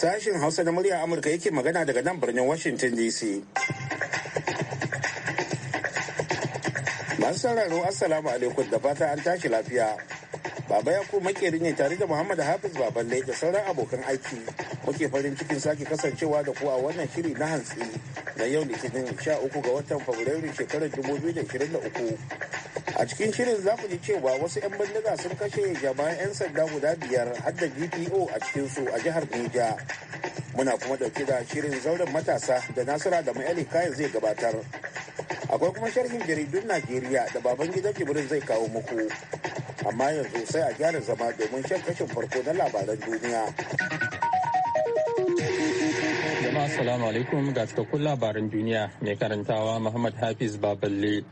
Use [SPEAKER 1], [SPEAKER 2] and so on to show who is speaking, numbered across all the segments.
[SPEAKER 1] Sashen Hausa na murya Amurka yake magana daga nan birnin Washington DC. Masu sauraro Assalamu alaikum da fata an tashi lafiya. Baba ya ku makeri ne tare da Muhammad Hafiz baban da sauran abokan aiki. Muke farin cikin sake kasancewa da ku a wannan shiri na hantsi na yau Litinin 13 ga watan Fabrairu shekarar 2023. a cikin shirin za ku ji cewa wasu 'yan bindiga sun kashe jama'an 'yan sanda guda biyar har da gpo a cikin su a jihar neja muna kuma dauke da shirin zauren matasa da nasara da mai kayan zai gabatar akwai kuma sharhin jaridun najeriya da baban gidan jibrin zai kawo muku amma yanzu sai a gyara zama domin shan kashin farko na labaran duniya
[SPEAKER 2] jama'a salamu alaikum ga cikakkun labaran duniya mai karantawa muhammad hafiz baballe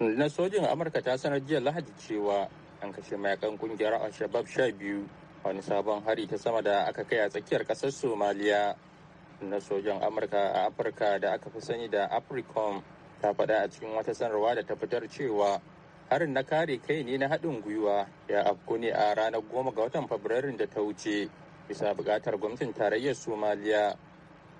[SPEAKER 2] na sojin amurka ta sanar jiya lahadi cewa an kashe mayakan kungiyar al-shabab sha biyu wani sabon hari ta sama da aka kai a tsakiyar kasar somaliya na sojan amurka a afirka da aka fi sani da africom ta faɗa a cikin wata sanarwa da ta fitar cewa harin na kare kai ne na haɗin gwiwa ya afku ne a ranar goma ga watan fabrairun da ta wuce bisa buƙatar gwamnatin tarayyar somaliya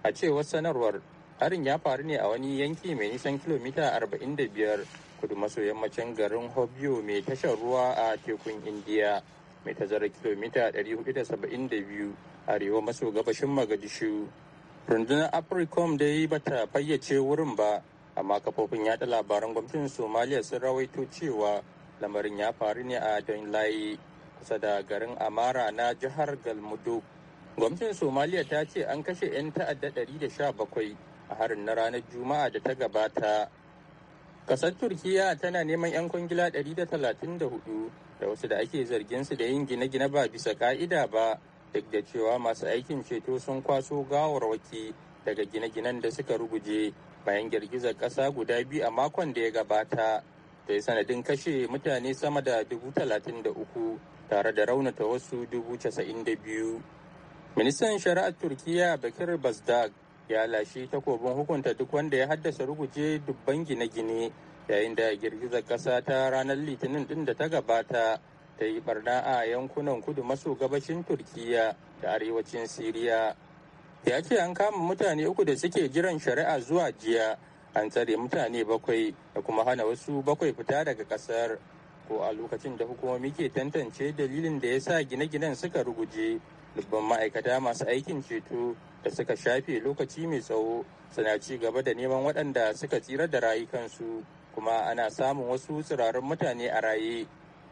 [SPEAKER 2] a cewar sanarwar harin ya faru ne a wani yanki mai nisan kilomita 45 kudu maso yammacin garin hobyo mai tashar ruwa a tekun indiya mai tazara kilomita 472 arewa maso gabashin magadishu rundunar africom dai bata fayyace wurin ba amma kafofin yada labaran gwamnatin somaliya sun rawaito cewa lamarin ya faru ne a don layi kusa da garin amara na jihar galmudu gwamnatin somaliya ta ce an kashe 'yan ta'adda 117 a harin na ranar juma'a da ta gabata Kasar Turkiyya tana neman 'yan kwangila 134 da wasu da ake zargin su da yin gine-gine ba bisa ka'ida ba duk da cewa masu aikin ceto sun kwaso gawarwaki daga gine-ginen da suka ruguje bayan girgizar ƙasa guda biyu a makon da ya gabata da ya sanadin kashe mutane sama da 33,000 tare da raunata wasu 92. Ministan Shari'ar Turkiyya Bakir Bazdag ya lashe takobin hukunta duk wanda ya haddasa ruguje dubban gine-gine yayin da girgizar ƙasa ta ranar litinin din da ta gabata ta yi barna a yankunan kudu maso gabashin turkiya da arewacin siriya ya ce an kama mutane uku da suke jiran shari'a zuwa jiya an tsare mutane bakwai da kuma hana wasu bakwai fita daga kasar ko a lokacin da hukumomi ke tantance dalilin da ya sa gine-ginen suka ruguje dubban ma'aikata masu aikin ceto da suka shafe lokaci mai tsawo suna ci gaba da neman waɗanda suka tsira da rayukansu kuma ana samun wasu tsirarun mutane a raye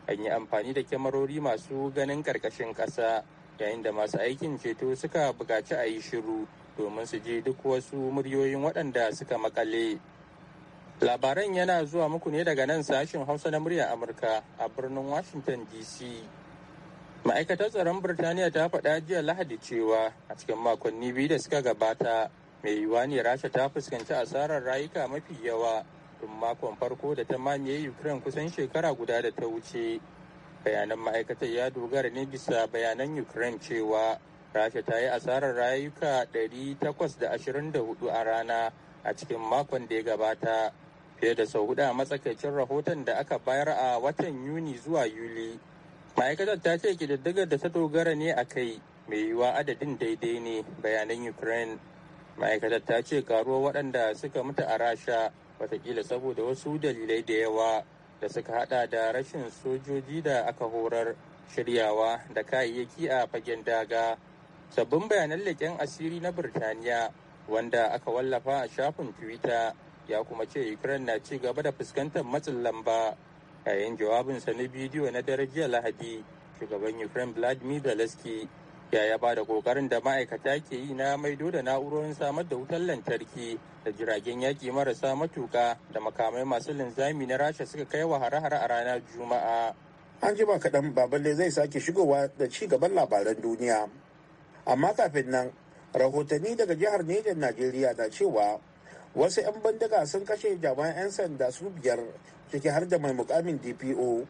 [SPEAKER 2] an yi amfani da kyamarori masu ganin ƙarƙashin ƙasa yayin da masu aikin ceto suka buƙaci a yi shiru domin su je duk wasu muryoyin waɗanda suka makale labaran yana zuwa muku ne daga nan sashen hausa na murya amurka a birnin washington dc ma'aikatar tsaron birtaniya ta faɗa jiya lahadi cewa a cikin makonni biyu da suka gabata mai yiwuwa ne rasha ta fuskanci asarar rayuka mafi yawa tun makon farko da ta mamaye ukraine kusan shekara guda da ta wuce bayanan ma'aikatar ya dogara ne bisa bayanan ukraine cewa rasha ta yi asarar rayuka 824 a rana a cikin makon da ya gabata fiye da sau huɗu a matsakaicin rahoton da aka bayar a watan yuni zuwa yuli ma'aikatar ta ce kididdigar da ta dogara ne a kai mai yiwuwa adadin daidai ne bayanan ukraine ma'aikatar ta ce karuwar waɗanda suka mutu a rasha watakila saboda wasu dalilai da yawa da suka hada da rashin sojoji da aka horar shiryawa da kayayyaki a fagen daga sabbin bayanan leƙen asiri na birtaniya wanda aka wallafa a shafin twitter ya kuma ce ukraine na ci gaba da fuskantar matsin lamba yayin jawabinsa na bidiyo na daren jiya lahadi shugaban ukraine vladimir zelensky ya ya ba da kokarin da ma'aikata ke yi na maido da na'urorin samar da wutar lantarki da jiragen yaƙi marasa matuka da makamai masu linzami na rasha suka kai wa hare-hare a ranar juma'a
[SPEAKER 1] an ba kaɗan baballe zai sake shigowa da ci gaban labaran duniya amma kafin nan rahotanni daga jihar nejan najeriya na cewa wasu 'yan bindiga sun kashe jami'an 'yan sanda su biyar ciki har da mai mukamin dpo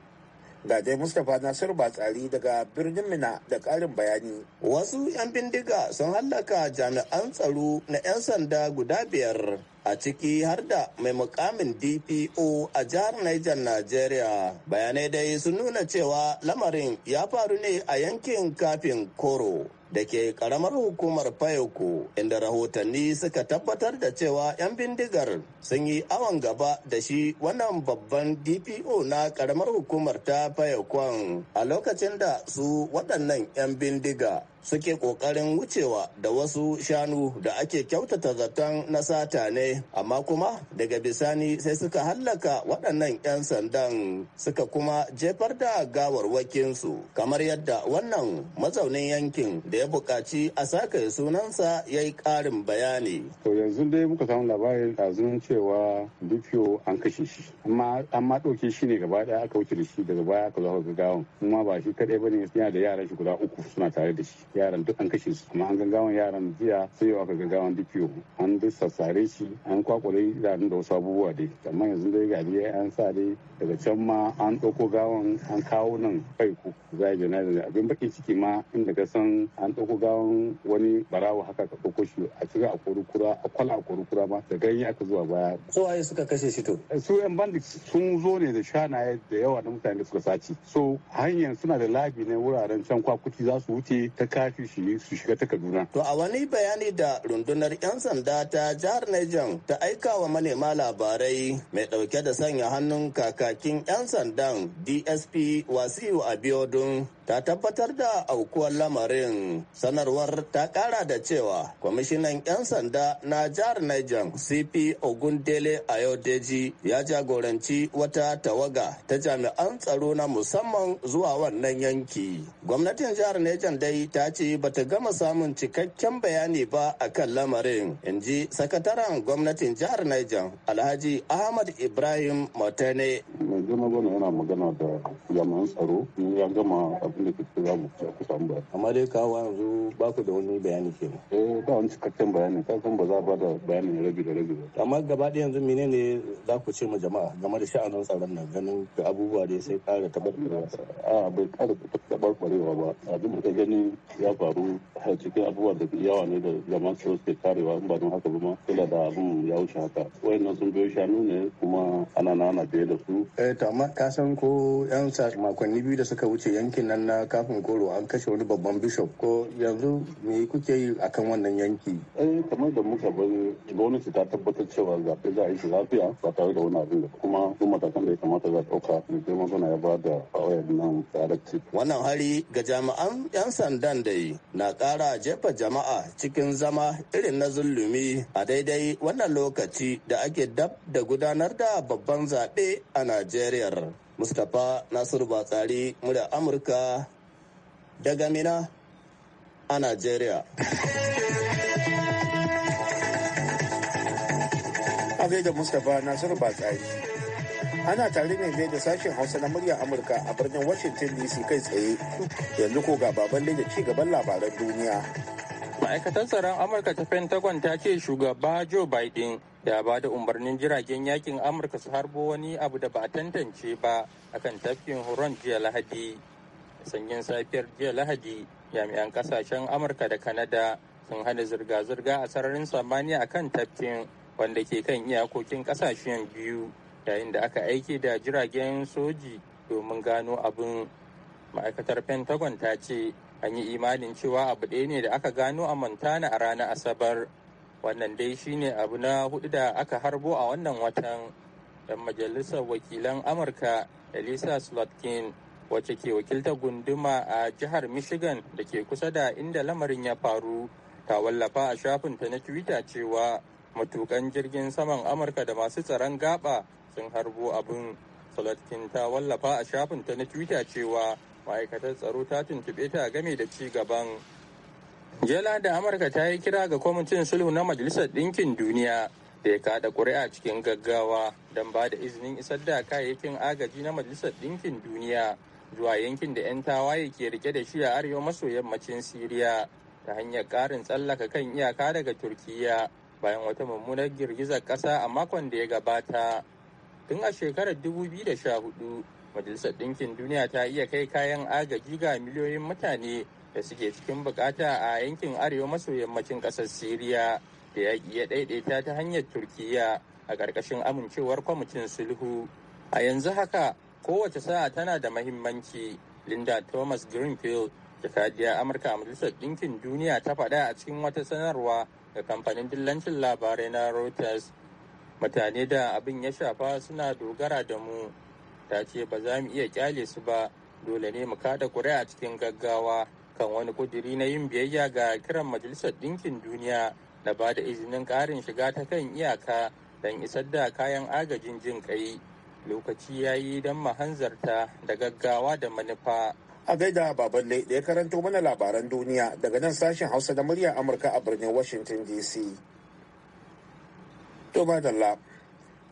[SPEAKER 1] ga dai mustapha nasir batsari daga birnin mina da
[SPEAKER 3] karin bayani wasu 'yan bindiga sun hallaka jami'an tsaro na 'yan sanda guda biyar a ciki har da mai mukamin dpo a jihar niger nigeria bayanai dai sun nuna cewa lamarin ya faru ne a yankin kafin koro da ke karamar hukumar Fayoko inda rahotanni suka tabbatar da cewa 'yan bindigar sun yi awon gaba da shi wannan babban DPO na karamar hukumar ta Fayokon a lokacin da su waɗannan 'yan bindiga suke kokarin wucewa da wasu shanu da ake kyautata zaton na sata ne amma kuma daga bisani sai suka hallaka waɗannan 'yan sandan suka kuma jefar da gawarwakinsu kamar yadda wannan mazaunin yankin da ya buƙaci a sake sunansa ya yi ƙarin bayani. To
[SPEAKER 4] yanzu dai muka samu labarin ɗazun cewa Dukiyo an kashe shi amma shi ne gaba ɗaya aka wuce da shi daga baya aka zo aka gawan kuma ba shi kaɗai ba ne yana da yaran shi guda uku suna tare da shi yaran duk an kashe su kuma an gaggawan yaran jiya sai yawa ga gaggawan DPO an duk sassare shi an kwakwale yaran da wasu abubuwa dai amma yanzu dai ga dai an sa dai daga can ma an ɗauko gawan an kawo nan kai ku za a da abin bakin ciki ma inda ka san an ɗauko gawan wani barawa haka ka ɗauko shi a cika a kurukura a kwala a kurukura ma da ganye aka zuwa baya. su waye suka kashe shi to. su yan bandits sun zo ne da shanaye da yawa na mutane da suka sace so hanyar suna da labi ne wuraren can kwakuti za su wuce ta tashi su shiga ta kaduna.
[SPEAKER 3] to a wani bayani da rundunar 'yan sanda ta jihar niger ta aika wa manema labarai mai dauke da sanya hannun kakakin 'yan sandan dsp wasiu abiodun ta tabbatar da aukuwar lamarin sanarwar ta kara da cewa kwamishinan 'yan sanda na jihar niger cp ogundele ayodeji ya jagoranci wata tawaga ta jami'an tsaro na musamman zuwa wannan yanki gwamnatin jihar niger dai ta ce bata gama samun cikakken bayani ba a kan lamarin in ji sakataren gwamnatin jihar niger alhaji ahmad ibrahim matane abin da ke cikin babu ba ku samu
[SPEAKER 4] ba amma dai kawo yanzu ba ku da wani bayani ke kenan eh ba wani cikakken bayani ka san ba za ba da bayanin rabi da rabi ba amma gaba ɗaya yanzu mene ne za ku ce ma jama'a game da sha'anin tsaron nan ganin ga abubuwa da sai ƙara tabarbarewa a bai ƙara tabarbarewa ba abin da ka gani ya faru a cikin abubuwa da yawa ne da jama'a su ke karewa in ba don haka ba ma kila da abin ya wuce haka wayannan sun biyo shanu ne kuma ana nana biye da su eh to amma ka san ko yan sa makonni biyu da suka wuce yankin nan na kafin koro an kashe wani babban bishop ko yanzu me kuke yi akan wannan yanki eh kamar da muka bari gwamnati ta tabbatar cewa zaɓe za a yi shi lafiya ba tare da wani abin da kuma duk matakan da ya kamata za a ɗauka sai girma gwamna ya ba da fa'o'yar nan directive
[SPEAKER 3] wannan hari ga jami'an 'yan sandan da yi na ƙara jefa jama'a cikin zama irin na zulumi a daidai wannan lokaci da ake dab da gudanar da babban zaɓe a najeriya mustapha nasiru batsari murya amurka daga mina a nigeria
[SPEAKER 1] a da mustapha nasiru batsari ana tare ne da sashen hausa na murya amurka a birnin washington dc kai tsaye yanzu ko ga baban da ci gaban labaran duniya
[SPEAKER 2] ma'aikatar tsaron amurka ta pentagon ta ce shugaba joe biden ya ba da umarnin jiragen yakin amurka su harbo wani abu da ba a tantance ba a kan tafkin huron jiya lahadi sanyin safiyar jiya lahadi jami'an kasashen amurka da kanada sun hana zirga-zirga a sararin samaniya kan tafkin wanda ke kan iyakokin kasashen biyu yayin da aka aiki da jiragen soji domin gano abin ma'aikatar pentagon ta ce an yi imanin cewa abu ɗaya ne da aka gano a montana a ranar asabar wannan dai shine abu na hudu da aka harbo a wannan watan dan majalisar wakilan amurka elisa slotkin wacce ke wakilta gunduma a jihar michigan da ke kusa da inda lamarin ya faru ta wallafa a shafinta na twitter cewa matukan jirgin saman amurka da masu tsaron gaba sun harbo abin slotkin ta wallafa a shafinta na twitter cewa ma'aikatar tsaro ta tuntuɓe ta game da ci gaban jela da amurka ta yi kira ga kwamitin sulhu na majalisar ɗinkin duniya da ya kada ƙuri'a cikin gaggawa don ba da izinin isar da kayayyakin agaji na majalisar ɗinkin duniya zuwa yankin da 'yan tawaye ke rike da shi a arewa maso yammacin siriya ta hanyar ƙarin tsallaka kan iyaka daga turkiya bayan wata mummunar girgizar ƙasa a makon da ya gabata tun a shekarar 2014 majalisar ɗinkin duniya ta iya kai kayan agaji ga miliyoyin mutane da suke cikin bukata a yankin arewa maso yammacin ƙasar siriya da yaƙi ya ɗaiɗaita ta hanyar turkiyya a ƙarƙashin amincewar kwamitin sulhu a yanzu haka kowace sa'a tana da mahimmanci linda thomas greenfield jakadiyar amurka a majalisar ɗinkin duniya ta faɗa a cikin wata sanarwa da kamfanin dillancin labarai na reuters mutane da abin ya shafa suna dogara da mu ta ce ba za mu iya kyale su ba dole ne mu kada kuri'a cikin gaggawa kan wani kuduri na yin biyayya ga kiran majalisar ɗinkin duniya da ba da izinin ƙarin shiga ta kan iyaka don isar da kayan agajin jin kai lokaci ya yi don mahanzarta da gaggawa da manufa
[SPEAKER 1] a gaida baballe da ya karanto mana labaran duniya daga nan sashen hausa da murya amurka a birnin washington dc da lab.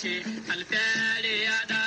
[SPEAKER 5] ce alfiyar ya da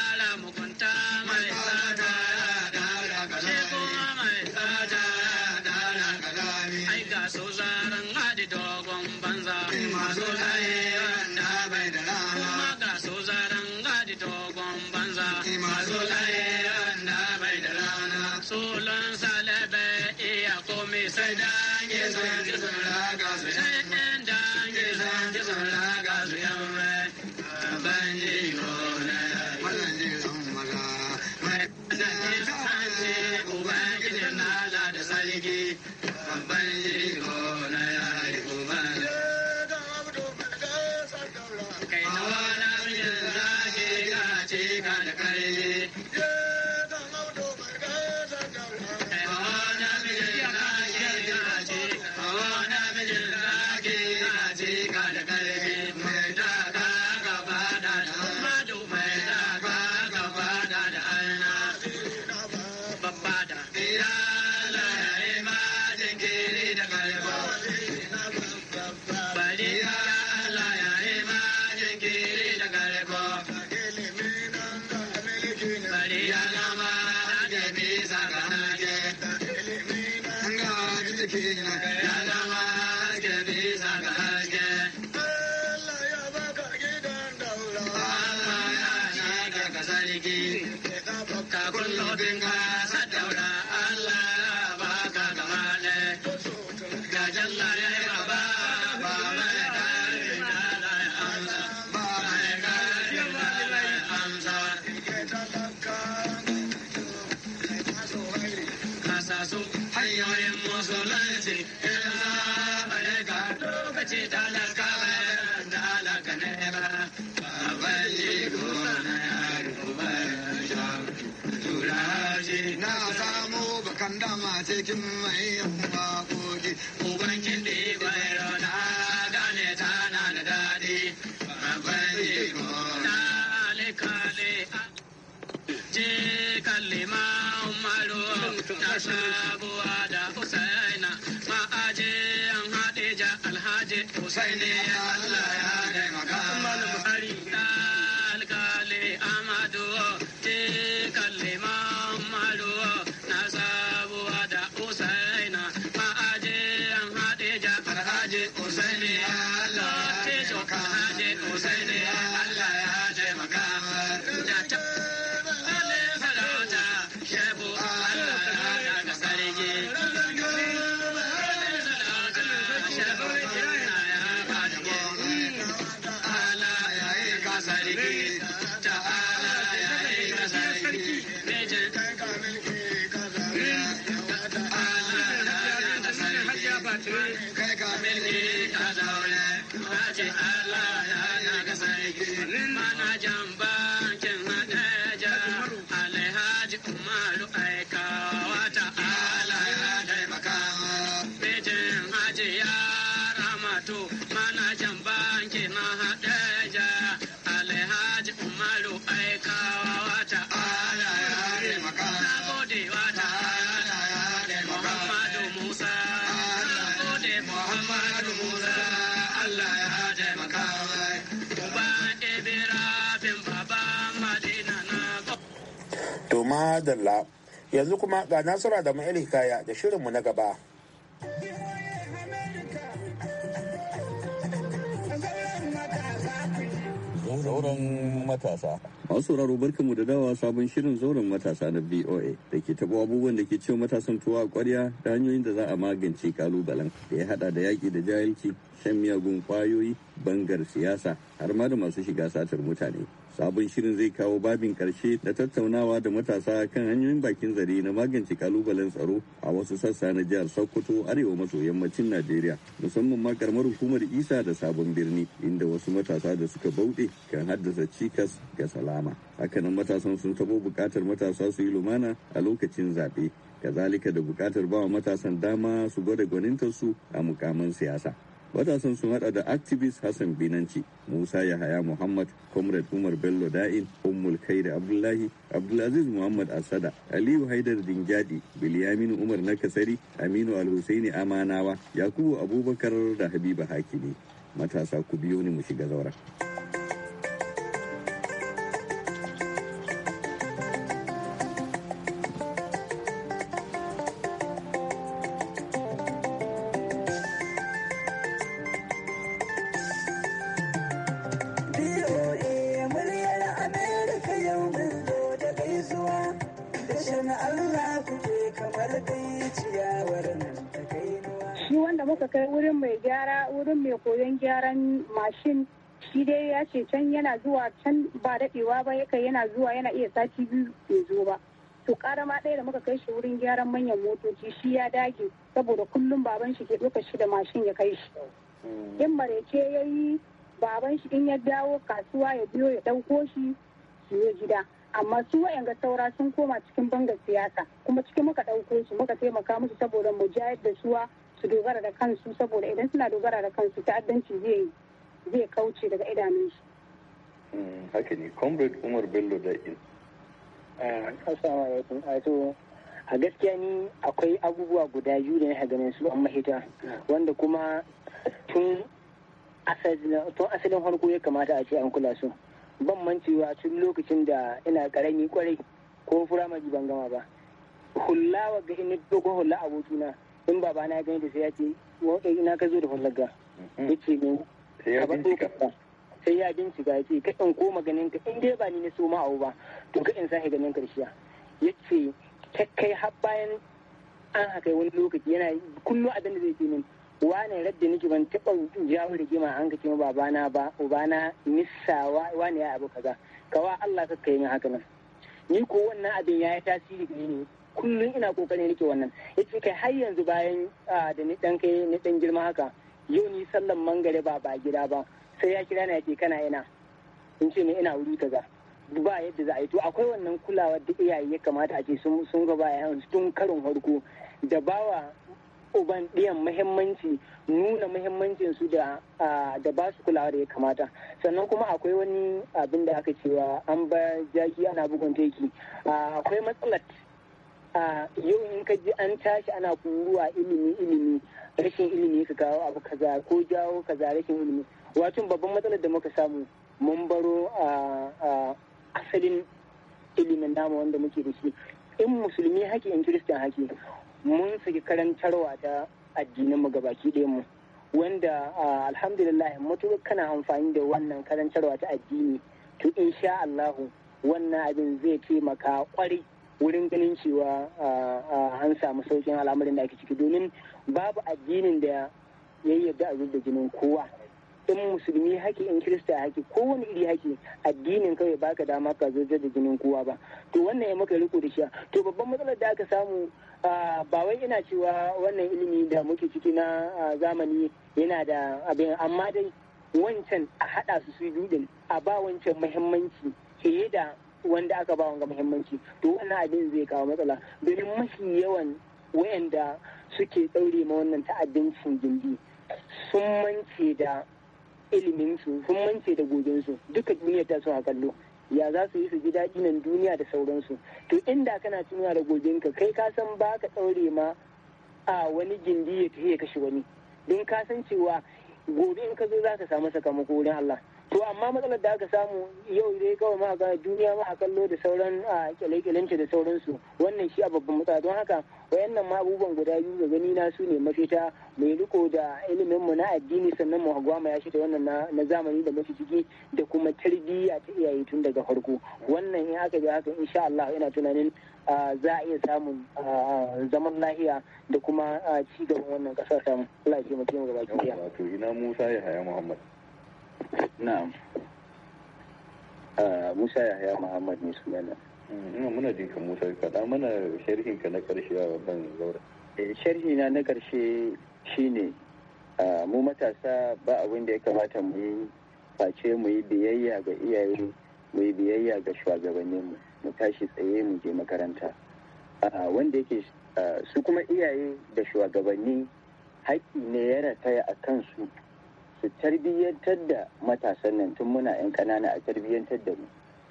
[SPEAKER 5] su hanyoyin musulunci in za a ka lokaci talaka bayan da alaka ne ba baban yi na yaro ya sha tura shi na samu bakan dama cikin mai yanwa kogi ubangiji ne Allah jamba
[SPEAKER 1] madalla yanzu kuma ga nasura da ma'il hikaya da shirinmu na gaba
[SPEAKER 6] zauren matasa. Masu sauraro barkanmu da dawa sabon shirin zauren matasa na VOA da ke taɓa abubuwan da ke cewa matasan tuwa a kwarya da hanyoyin da za a magance kalubalen da ya haɗa da yaki da jahilci, shan miyagun kwayoyi bangar siyasa har ma da masu shiga satar mutane. sabon shirin zai kawo babin karshe na tattaunawa da matasa kan hanyoyin bakin zare na magance kalubalen tsaro a wasu sassa na jihar sokoto arewa maso yammacin najeriya musamman ma karamar hukumar isa da sabon birni inda wasu matasa da suka bauɗe kan haddasa cikas ga salama hakanan matasan sun taɓo buƙatar matasa su yi lumana a lokacin zaɓe kazalika da buƙatar bawa matasan dama su gwada gwanintarsu a mukamin siyasa matasan sun hada da activist hassan binanci musa yahaya muhammad comrade umar bello da'in ummul da abdullahi abdulaziz muhammad asada aliyu haidar dingyadi bilyamin umar na kasari aminu alhusaini amanawa yakubu abubakar da habiba hakimi matasa ku biyo ne mu shiga zauren.
[SPEAKER 7] tashi can yana zuwa can ba daɗewa ba yaka yana zuwa yana iya sati biyu bai zo ba to ƙara ma ɗaya da muka kai shi wurin gyaran manyan motoci shi ya dage saboda kullum baban shi ke ɗauka shi da mashin ya kai shi mm. in marece ya yi baban shi in ya dawo kasuwa ya biyo ya ɗauko shi su yi gida amma su wa'yanga saura sun koma cikin banga siyasa kuma cikin muka ɗauko su muka taimaka musu saboda mu jayar da suwa su dogara da kansu saboda idan suna dogara da kansu ta'addanci zai yi zai kauce daga idanun shi
[SPEAKER 6] hmm, haka ne comrade umar bello da in
[SPEAKER 7] ya ah, ato ah, a gaskiya ni akwai abubuwa guda biyu da na ganin su an mahita wanda kuma tun asalin harko ya kamata a ce an kula su ban mancewa tun lokacin da ina karami kwarai ko firamare ban gama ba Hula wa ga ina doko hula abokina in babana ya gani da sai ya ce eh, ina ka zo da hullar ga mm-hmm. yace sai ya bincika sai ya bincika ce ka in koma ganin ka in dai ba ni na so ma abu ba to ka in sahi ganin karshiya ya ce ta kai har bayan an haka wani lokaci yana kullum abin da zai ce min wane radda nake ban taɓa jawo rigima an ka ma babana ba ubana nissa wane ya abu kaza kawa Allah ka kai min haka nan ni ko wannan abin ya yi tasiri gare ni kullum ina kokarin rike wannan ya yace kai har yanzu bayan ah, da ni dan kai ni dan girma haka yau ni sallan mangare ba ba gida ba sai ya kira na yake kana yana in ce ina wuri kaza ba yadda za a yi to akwai wannan kulawa da iyaye ya kamata a ce sun ba yan tun karin farko da bawa uban ɗiyan muhimmanci nuna muhimmancin su da da ba su kulawa da ya kamata sannan kuma akwai wani abin da aka cewa an ba jaki ana bugun teki akwai matsalar yau in ka ji an tashi ana kuruwa ilimi ilimi rashin ilimi ka kawo abu kaza ko jawo kaza rashin ilimi wato babban matsalar da muka samu mun baro a asalin ilimin namu wanda muke da shi in musulmi haƙi in kiristan haƙi mun saki karantarwa ta addinin mu gabaki ɗayan mu wanda alhamdulillah matuƙar kana amfani da wannan karantarwa ta addini to insha Allahu wannan abin zai taimaka kwarai wurin ganin cewa an samu saukin al'amarin da ake ciki domin babu addinin da ya yarda a da jinin kowa in musulmi haki in kirista haki kowane iri haki addinin kawai baka dama ka zo da jinin kowa ba to wannan ya maka riko da shi to babban matsalar da aka samu ba wai ina cewa wannan ilimi da muke ciki na zamani yana da abin amma dai wancan a haɗa su su biyu a ba wancan muhimmanci fiye da wanda aka ba wanga muhimmanci to wannan abin zai kawo matsala domin mafi yawan wayanda suke ɗaure ma wannan ta'addancin gindi sun mance da iliminsu sun mance da gobensu duka duniyar ta suna kallo ya za su yi su ji daɗi nan duniya da sauransu to inda kana tunawa da gobenka kai ka san ba ka ɗaure ma a wani gindi ya tafi ya kashe wani don ka san cewa gobe in ka zo za ka samu sakamako wurin Allah to amma matsalar da aka samu yau dai kawai ma ga duniya ma a kallo da sauran a kyale-kyalenta da sauransu wannan shi a babban matsala don haka wayannan ma abubuwan guda biyu ga gani na su ne mafita mai riko da iliminmu na addini sannan mu ma ya shita wannan na zamani da mafi ciki da kuma tarbiyya ta iyaye tun daga farko wannan in aka bi haka insha Allah ina tunanin za a iya samun zaman lahiya da kuma ci gaban wannan kasar samu Allah ya ce mu gaba wato ina Musa ya haya Muhammad na'am ah, musa
[SPEAKER 6] yahaya muhammad ne su sunana ina muna jin ka musa faɗa mana sharhin ka na karshe a babban zaura eh, sharhi na na karshe ne ah, mu matasa
[SPEAKER 8] ba abin da ya kamata mu yi face mu yi biyayya ga iyaye mu yi biyayya ga shugabannin mu tashi tsaye mu je makaranta ah, wanda yake su kuma iyaye da shugabanni haƙƙi ne ya rataya a kansu su tarbiyyantar da matasan nan tun muna 'yan kanana a tarbiyyantar da mu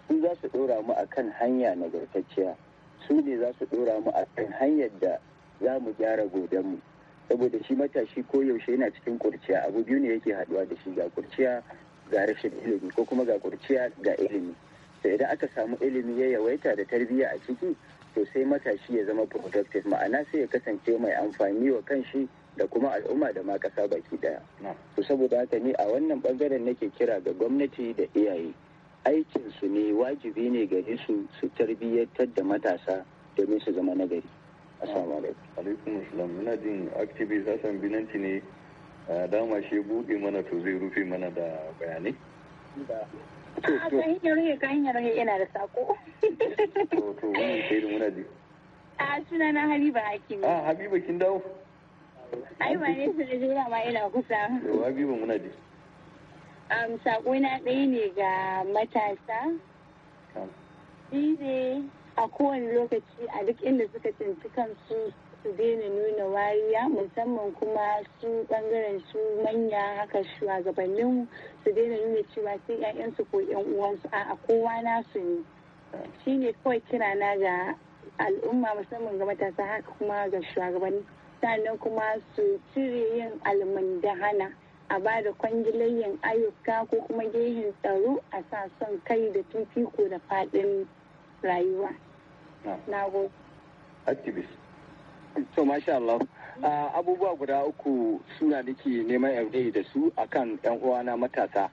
[SPEAKER 8] su za su ɗora mu a kan hanya nagartacciya su ne za su ɗora mu a kan hanyar da za mu gyara mu saboda shi matashi ko yaushe yana cikin kurciya abu biyu ne yake haɗuwa da shi ga kurciya ga rashin ilimi ko kuma ga kurciya ga ilimi to idan aka samu ilimi ya yawaita da tarbiyya a ciki to sai matashi ya zama productive ma'ana sai ya kasance mai amfani wa kanshi da kuma al'umma da ma kasa baki daya. To saboda haka ni a wannan bangaren nake kira ga gwamnati da iyaye. Aikin su ne wajibi ne gare su su tarbiyyantar da matasa domin su zama nagari. Assalamu
[SPEAKER 6] alaikum. Alaikum assalam. Muna jin activist Hassan Binanci ne dama shi buɗe mana to zai rufe mana da bayanai. To to.
[SPEAKER 7] Ka hanyar yana da sako.
[SPEAKER 6] To to wannan sai muna ji.
[SPEAKER 7] A sunana Habiba
[SPEAKER 8] Hakimi. A ah, Habiba
[SPEAKER 6] kin dawo. Ai ba ne
[SPEAKER 8] su da juna ma ina kusa.
[SPEAKER 6] Yawa ba
[SPEAKER 7] muna na ɗaya ne ga matasa. Shi ne a kowane lokaci a duk inda suka tsinci kansu su daina nuna wariya musamman kuma su ɓangaren su manya haka shugabannin su daina nuna cewa sai 'ya'yansu ko 'yan uwansu a kowa nasu ne. Shi ne kawai kira na ga al'umma musamman ga matasa haka kuma ga shugabanni sannan kuma su cire yin almundahana a ba da yin ayyuka ko kuma gehen tsaro a sa son kai da ko da faɗin rayuwa. Ah. Na
[SPEAKER 4] Activist.
[SPEAKER 8] So, masha Allah. Ah, abubuwa guda uku suna ke neman yarda da su akan yan uwana matasa.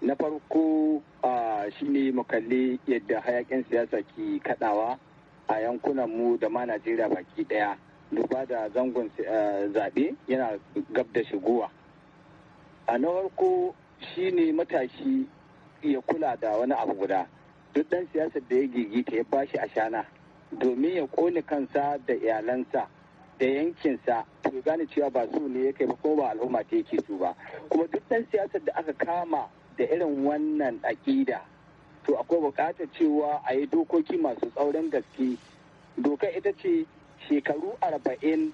[SPEAKER 8] Na farko uh, shine mu kalli yadda hayakin siyasa ke kadawa a yankunan mu da ma Najeriya baki daya. duba da zangon eh, zaɓe yana gab da shigowa a na shi ne matashi ya kula da wani abu guda duk ɗan siyasar da ya gigita ya bashi a shana domin ya ƙone kansa da iyalansa da yankinsa to gane cewa ba su ne ya kai ba kuma ba al'umma ta yake su ba kuma duk ɗan siyasar da aka kama da irin wannan aƙida to akwai buƙatar cewa a yi dokoki masu tsaurin gaske doka ita ce shekaru arba'in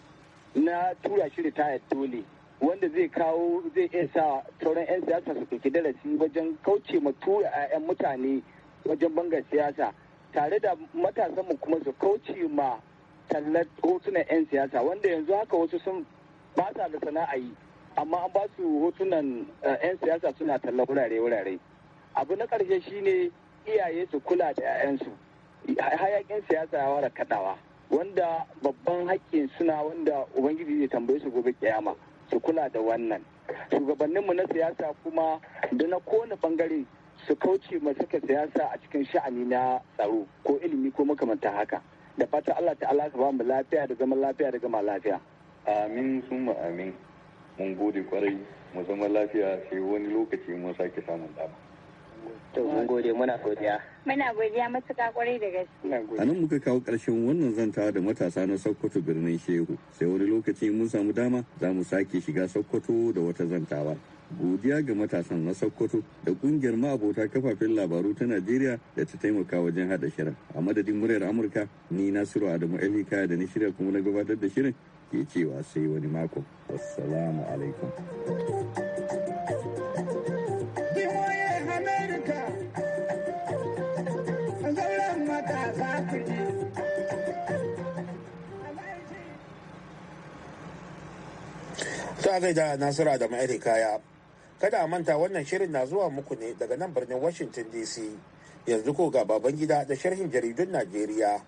[SPEAKER 8] na tura shi ritaya dole wanda zai kawo zai iya sa sauran 'yan siyasa su ɗauki darasi wajen kauce ma tura 'ya'yan mutane wajen bangar siyasa tare da matasan kuma su kauce ma tallar hotunan 'yan siyasa wanda yanzu haka wasu sun ba sa da sana'a yi amma an ba su hotunan 'yan eh, siyasa suna tallar wurare-wurare abu na ƙarshe shine iyaye su kula da 'ya'yansu hayakin siyasa ya wara kaɗawa wanda babban haƙƙin suna wanda ubangiji zai tambaye su gobe kiyama su kula da wannan shugabanninmu na siyasa kuma da na kowane bangare su kauce ma saka siyasa a cikin sha'ani na tsaro ko ilimi ko makamanta haka da fata Allah ta'ala ka ba mu lafiya da zaman lafiya
[SPEAKER 6] da gama lafiya amin amin mun gode kwarai mu zama lafiya sai wani lokaci mun sake samun dama To mun gode muna godiya.
[SPEAKER 7] Muna
[SPEAKER 8] godiya kwarai da gaske.
[SPEAKER 6] A nan muka kawo ƙarshen wannan zantawa da matasa na Sokoto birnin Shehu. Sai wani lokaci mun samu dama za mu sake shiga Sokoto da wata zantawa. Godiya ga matasan na Sokoto da ƙungiyar ma'abota kafafen labaru ta Najeriya da ta taimaka wajen haɗa shirin. A madadin muryar Amurka, ni Nasiru Adamu Elika da ni shirya kuma na gabatar da shirin ke cewa sai wani mako. Assalamu alaikum.
[SPEAKER 1] ta gaida nasiru da ma'ari kaya kada a manta wannan shirin na zuwa muku ne daga nan birnin washington dc yanzu ko ga babangida gida da sharhin jaridun najeriya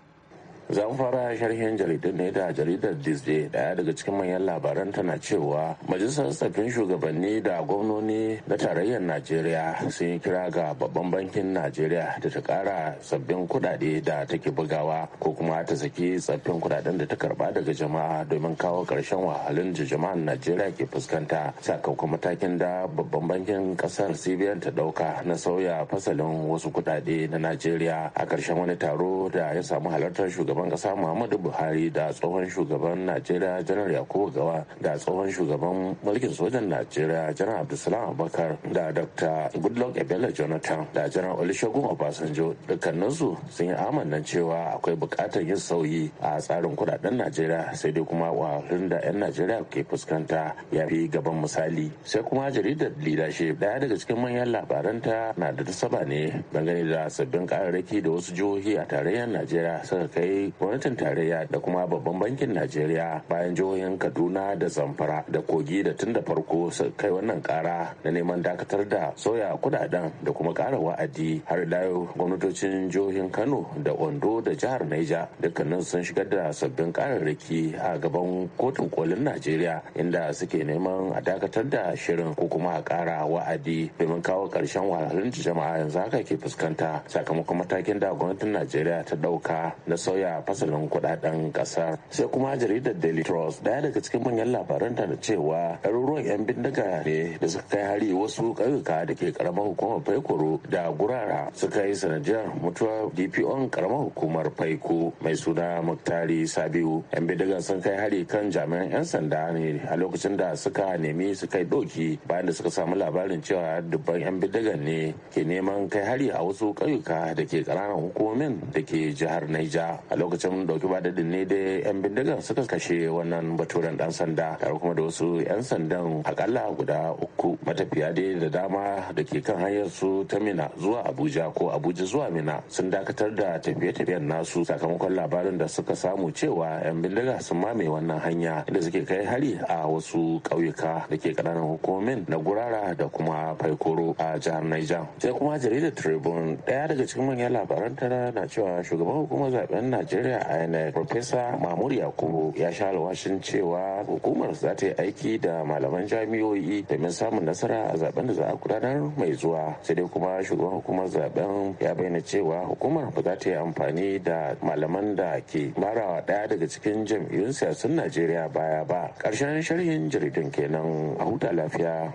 [SPEAKER 9] za mu fara sharhin jaridar ne da jaridar disney daya daga cikin manyan labaran tana cewa majalisar tsaffin shugabanni da gwamnoni na tarayyar najeriya sun yi kira ga babban bankin najeriya da ta kara sabbin kudade da take bugawa ko kuma ta saki tsaffin kudaden da ta karba daga jama'a domin kawo karshen wahalun da jama'ar najeriya ke fuskanta sakamakon matakin da babban bankin kasar cbn ta dauka na sauya fasalin wasu kudade na najeriya a karshen wani taro da ya samu halartar shugaban shugaban kasa muhammadu buhari da tsohon shugaban najeriya janar yakubu gawa da tsohon shugaban mulkin sojan najeriya janar abdulsalam abubakar da dr goodluck ebele jonathan da janar olusegun obasanjo dukkaninsu sun yi amannan cewa akwai buƙatar yin sauyi a tsarin kudaden najeriya sai dai kuma wahalun da 'yan najeriya ke fuskanta ya fi gaban misali sai kuma jaridar leadership ɗaya daga cikin manyan labaranta na da saba ne dangane da sabbin kararraki da wasu jihohi a tarayyar najeriya suka kai gwamnatin tarayya da kuma babban bankin najeriya bayan jihohin kaduna da zamfara da kogi da tun da farko su kai wannan kara na neman dakatar da soya kudaden da kuma kara wa'adi har layo gwamnatocin jihohin kano da ondo da jihar naija dukkanin sun shigar da sabbin kararraki a gaban kotun kolin najeriya inda suke neman a dakatar da shirin ko kuma a kara wa'adi domin kawo karshen wahalhalun jama'a yanzu haka ke fuskanta sakamakon matakin da gwamnatin najeriya ta dauka na sauya A fasalin kudaden kasa sai kuma jaridar daily trust daya daga cikin manyan labaranta da cewa ɗaruruwan 'yan bindiga ne da suka kai hari wasu ƙauyuka da ke karamar hukumar faikoro da gurara suka yi sanadiyar mutuwar dpo karamar hukumar faiko mai suna muktari sabiu 'yan bindiga sun kai hari kan jami'an 'yan sanda ne a lokacin da suka nemi su kai doki bayan da suka samu labarin cewa dubban 'yan bindigan ne ke neman kai hari a wasu ƙauyuka da ke ƙananan hukumomin da ke jihar naija lokacin dauki ba dadin ne dai yan bindigan suka kashe wannan baturen dan sanda tare kuma da wasu yan sandan akalla guda uku matafiya dai da dama da ke kan hanyar su ta mina zuwa abuja ko abuja zuwa mina sun dakatar da tafiye-tafiyen nasu sakamakon labarin da suka samu cewa yan bindiga sun mame wannan hanya inda suke kai hari a wasu ƙauyuka da ke ƙananan hukumomin na gurara da kuma faikoro a jihar Niger. Sai kuma jaridar Tribune daya daga cikin manyan labaran tana na cewa shugaban hukumar zaben na Najeriya INEC Profesa Mahmud Yakubu ya sha alwashin cewa hukumar za ta yi aiki da malaman jami'o'i domin samun nasara a zaben da za a gudanar mai zuwa. Sai dai kuma shugaban hukumar zaben ya bayyana cewa hukumar ba za ta yi amfani da malaman da ke marawa daya daga cikin jam'iyyun siyasan Najeriya baya ba. karshen sharhin jaridun kenan a huta lafiya.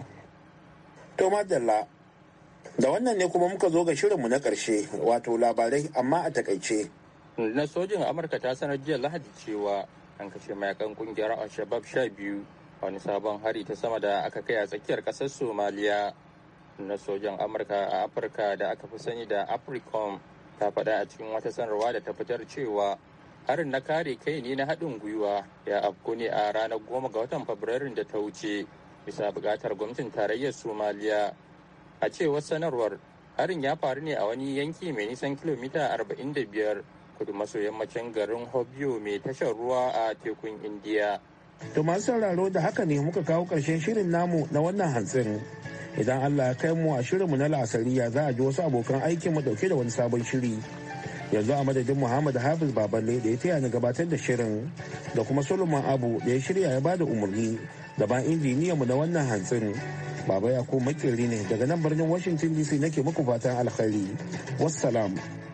[SPEAKER 1] To madalla da wannan ne kuma muka zo ga shirinmu na ƙarshe wato labarai
[SPEAKER 2] amma a takaice. na sojin amurka ta sanar jiya lahadi cewa an kashe mayakan kungiyar al-shabab sha biyu wani sabon hari ta sama da aka kai a tsakiyar kasar somaliya na sojan amurka a afirka da aka fi sani da africom ta faɗa a cikin wata sanarwa da ta fitar cewa harin na kare kai ne na haɗin gwiwa ya afku ne a ranar goma ga watan fabrairun da ta wuce bisa buƙatar gwamnatin tarayyar somaliya a cewar sanarwar harin ya faru ne a wani yanki mai nisan kilomita 45 kudu maso yammacin garin Hobyo mai tashar ruwa a tekun Indiya.
[SPEAKER 1] To masu sauraro da haka ne muka kawo ƙarshen shirin namu na wannan hantsin. Idan Allah ya kai mu a shirinmu na la'asariya za a ji wasu abokan aikin mu dauke da wani sabon shiri. Yanzu a madadin Muhammad Hafiz Baballe da ya taya ni gabatar da shirin da kuma Solomon Abu da ya shirya ya bada umarni da ban injiniyan mu na wannan hantsin. Baba ku makirri ne daga nan birnin Washington DC nake muku fatan alkhairi. Wassalam.